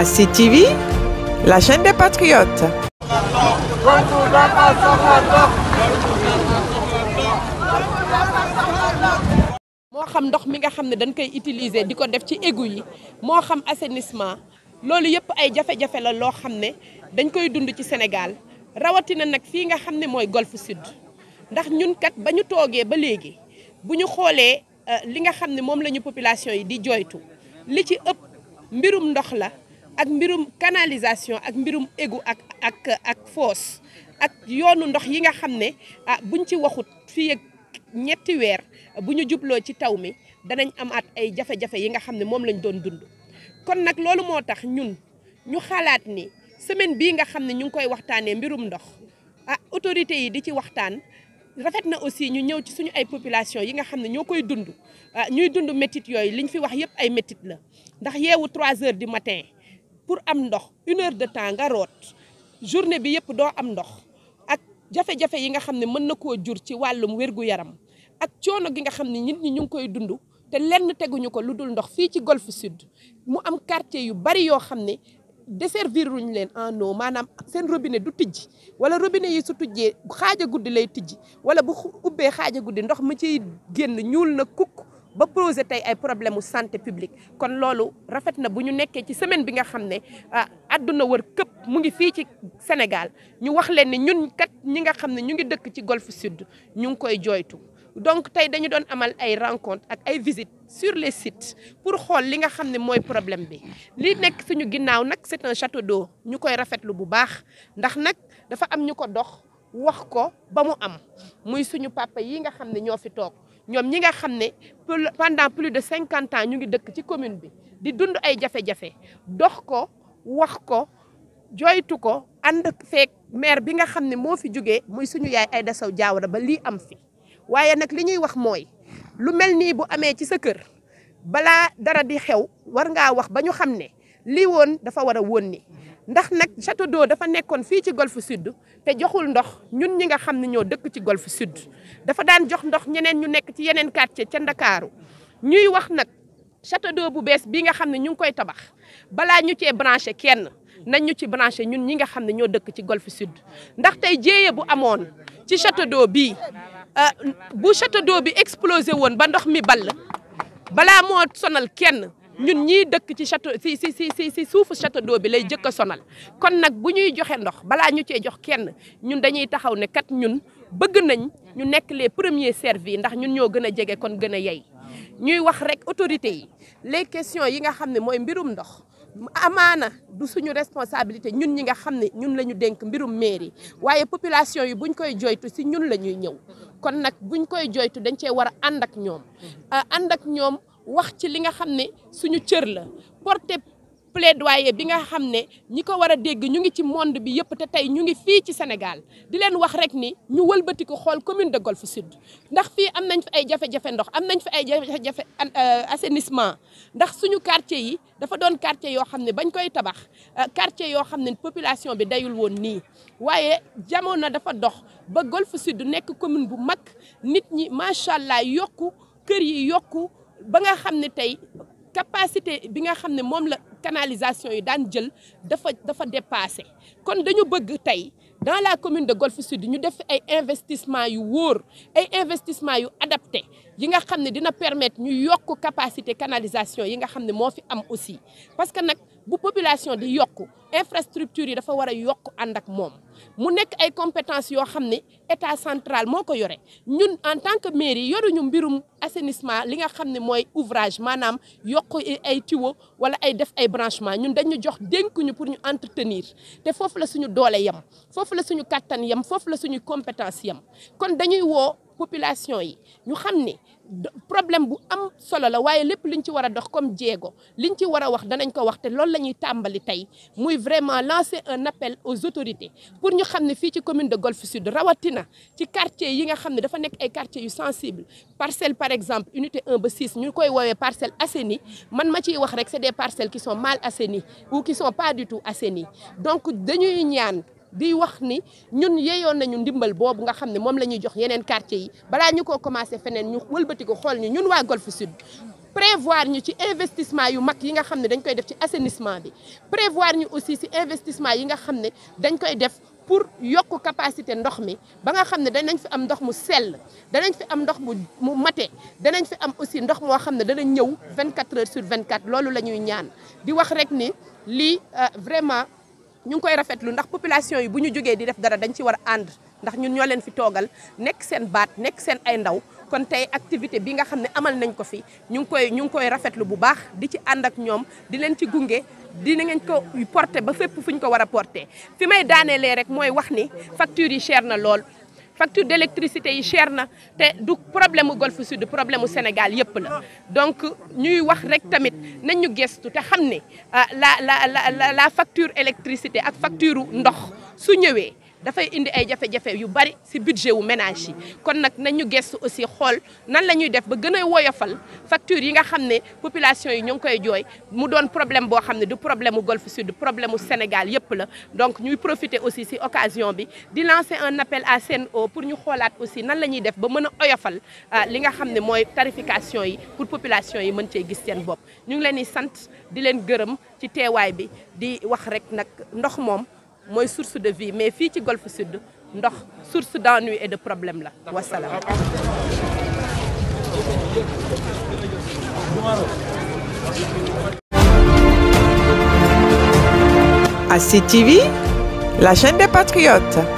à CTV, la chaîne des patriotes. moo xam ndox mi nga xam ne dañ koy utiliser di ko def ci égout yi moo xam assainissement loolu yëpp ay jafe-jafe la loo xam ne dañ koy dund ci senegal rawatina nag fii nga xam ne mooy golfe sud ndax ñun kat ba ñu toogee ba léegi bu ñu xoolee euh, li nga xam ne moom la ñu yi di joytu li ci ëpp mbirum ndox la ak mbirum canalisation ak mbirum égout ak ak ak fosse ak yoonu ndox yi nga xam ne ah buñ ci waxut fii ñetti weer bu ñu jubloo ci taw mi danañ at ay jafe-jafe yi nga xam ne moom lañ doon dund kon nag loolu moo tax ñun ñu xalaat ni semaine bii nga xam ne ñu ngi koy waxtaanee mbirum ndox ah autorité yi di ci waxtaan rafet na aussi ñu ñëw ci suñu ay population yi nga xam ne ñoo koy dund ah, ñuy dund métit yooyu liñ fi wax yëpp ay métit la ndax yeewu 3 heures du pour am ndox une heure de temps nga root journée bi yëpp doo am ndox ak jafe-jafe yi nga xam ne mën na ko jur ci wàllum wér-gu-yaram ak coono gi nga xam ne nit ñi ñu ngi koy dundu te lenn teguñu ko lu dul ndox fii ci golfe sud mu am quartier yu bari yoo xam ne desserviruñ leen en eau maanaam seen robine du tijji wala robinet yi su tujjee xaaja guddi lay tijji wala bu ubbee xaaja guddi ndox mi ciy génn ñuul na kukk ba poser tey ay problème mu santé publique kon loolu rafet na bu ñu nekkee ci semaine bi nga xam ne ah àdduna wër këpp mu ngi fii ci Sénégal ñu wax leen ni ñun kat ñi nga xam ne ñu ngi dëkk ci Golfe Sud ñu ngi koy jooytu donc tey dañu doon amal ay rencontre ak ay visites sur les sites pour xool li nga xam ne mooy problème bi li nekk suñu ginnaaw nag c'est un château d'eau ñu koy rafetlu bu baax ndax nag dafa am ñu ko dox wax ko ba mu am muy suñu papa yi nga xam ne ñoo fi toog ñoom ñi nga xam ne pendant plus de cinquante ans ñu ngi dëkk ci commune bi di dund ay jafe-jafe dox ko wax ko joytu ko ànd feek maire bi nga xam ne moo fi jógee muy suñu yaay ay Sow Diawara ba lii am fi waaye nag li ñuy wax mooy lu mel nii bu amee ci sa kër balaa dara di xew war ngaa wax ba ñu xam ne lii woon dafa war a woon ni ndax nag château d'eau dafa nekkoon fii ci golf sud te joxul ndox ñun ñi nga xam ne ñoo dëkk ci golfe sud dafa daan jox ndox ñeneen ñu nekk ci yeneen quartier ca ndakaaru ñuy wax nag château d'eau bu bees bii nga xam ne ñu ngi koy tabax balaa ñu cee branché kenn nañ ñu ci branché ñun ñi nga xam ne ñoo dëkk ci golfe sud ndax tey jéeye bu amoon ci château d'eau bii euh, bu château d'eau bi explosé woon ba ndox mi ball balaa moo sonal kenn ñun ñii dëkk ci château si si si si si suufu château d'eau bi lay jëkk a sonal kon nag bu ñuy joxe ndox balaa ñu cee jox kenn ñun dañuy taxaw ne kat ñun bëgg nañ ñu nekk les premiers servis ndax ñun ñoo gën a jege kon gën a yey ñuy wax rek autorités yi les questions yi nga xam ne mooy mbirum ndox amaana du suñu responsabilité ñun ñi nga xam ne ñun la ñu dénk mbirum mairie waaye population yi bu buñ koy joytu si ñun la ñuy ñëw kon nag buñ koy joytu dañ cee war a ànd ak ñoom ànd ak ñoom wax ci li nga xam ne suñu cër la porté plaidoyer bi nga xam ne ñi ko war a dégg ñu ngi ci monde bi yëpp te tey ñu ngi fii ci Sénégal di leen wax rek ni ñu wëlbati ko xool commune de Golf Sud ndax fii am nañ fi ay jafe-jafe ndox am nañ fi ay jafe-jafe euh, assainissement ndax suñu quartier yi dafa doon quartier yoo xam ne bañ koy tabax euh, quartier yoo xam ne population bi dayul woon nii waaye jamono dafa dox ba Golf Sud nekk commune bu mag nit ñi macha allah yokku kër yi yokku ba nga xam ne tey capacité bi nga xam ne moom la canalisation yi daan jël dafa dafa dépassé kon dañu bëgg tey dans la commune de Golf Sud ñu def ay investissement yu wóor ay investissement yu adapté yi nga xam ne dina permettre ñu yokk capacité canalisation yi nga xam ne moo fi am aussi parce que nag bu population di yokk infrastructure yi dafa war a yokk ànd ak moom mu nekk ay compétence yoo xam ne état central moo ko yore ñun en tant que mairie yoruñu mbirum assainissement li nga xam ne mooy ouvrage maanaam yokk ay tuyaux wala ay def ay branchement ñun dañu jox dénkuñu pour ñu entretenir te foofu la suñu doole yem foofu la suñu kattan yem foofu la suñu compétence yem kon dañuy woo population yi ñu xam ni problème bu am solo la waaye lépp liñ ci war a dox comme jéego liñ ci war a wax danañ ko wax te loolu la ñuy tàmbali tey muy vraiment lancer un appel aux autorités pour ñu xam ne fii ci commune de Golf Sud rawatina ci quartier yi nga xam ne dafa nekk ay quartiers yu sensible parcelle par exemple unité 1 ba 6 ñu koy woowee parcelle assainies man ma ciy wax rek c'est des parcelles qui sont mal assainies ou qui sont pas du tout assainies donc dañuy ñaan di wax ni ñun yeyoon nañu ndimbal boobu nga xam ne moom la ñuy jox yeneen quartier yi balaa ñu ko commencé feneen ñu wëlbati ko xool ñu ñun waa Golf Sud prévoir ñu ci investissement yu mag yi nga xam ne dañ koy def ci assainissement bi prévoir ñu aussi ci investissement yi nga xam ne dañ koy def pour yokk capacité ndox mi ba nga xam ne danañ fi am ndox mu sell danañ fi am ndox mu mu mate danañ fi am aussi ndox moo xam ne danañ ñëw 24 heures sur 24 loolu la ñuy ñaan di wax rek ni lii euh, vraiment ñu ngi koy rafetlu ndax population yi bu ñu jógee di def dara dañ ci war a ànd ndax ñun ñoo leen fi toogal nekk seen baat nekk seen ay ndaw kon tey activité bi nga xam ne amal nañ ko fi ñu ngi koy ñu ngi koy rafetlu bu baax di ci ànd ak ñoom di leen ci gunge di dina ngeen ko porté ba fépp fu ñu ko war a porté fi may daaneelee rek mooy wax ni facture yi cher na lool. facture d' yi cher na te du problème mu Golf Sud problème mu Sénégal yëpp la donc ñuy wax rek tamit nañ ñu gestu te xam ne euh, la la la la facture électricité ak facture ndox su ñëwee. dafay indi ay jafe-jafe yu bari si budget wu ménage yi kon nag nañu gestu aussi xool nan la ñuy def ba gën a woyofal facture yi nga xam ne population yi ñu ngi koy jooy mu doon problème boo xam ne du problème mu Golf Sud problème mu Sénégal yëpp la donc ñuy profiter aussi si occasion bi di lancer un appel à Sen'Eau pour ñu xoolaat aussi nan lañuy def ba mën a oyofal euh, li nga xam ne mooy tarification yi pour population yi mën cee gis seen bopp ñu ngi leen di sant di leen gërëm ci teewaay bi di wax rek nag ndox moom mooy source de vie mais fii ci golfe sud ndox source d'ennui et de problème la wasalaam. ASID TV, la chaîne des patriotes.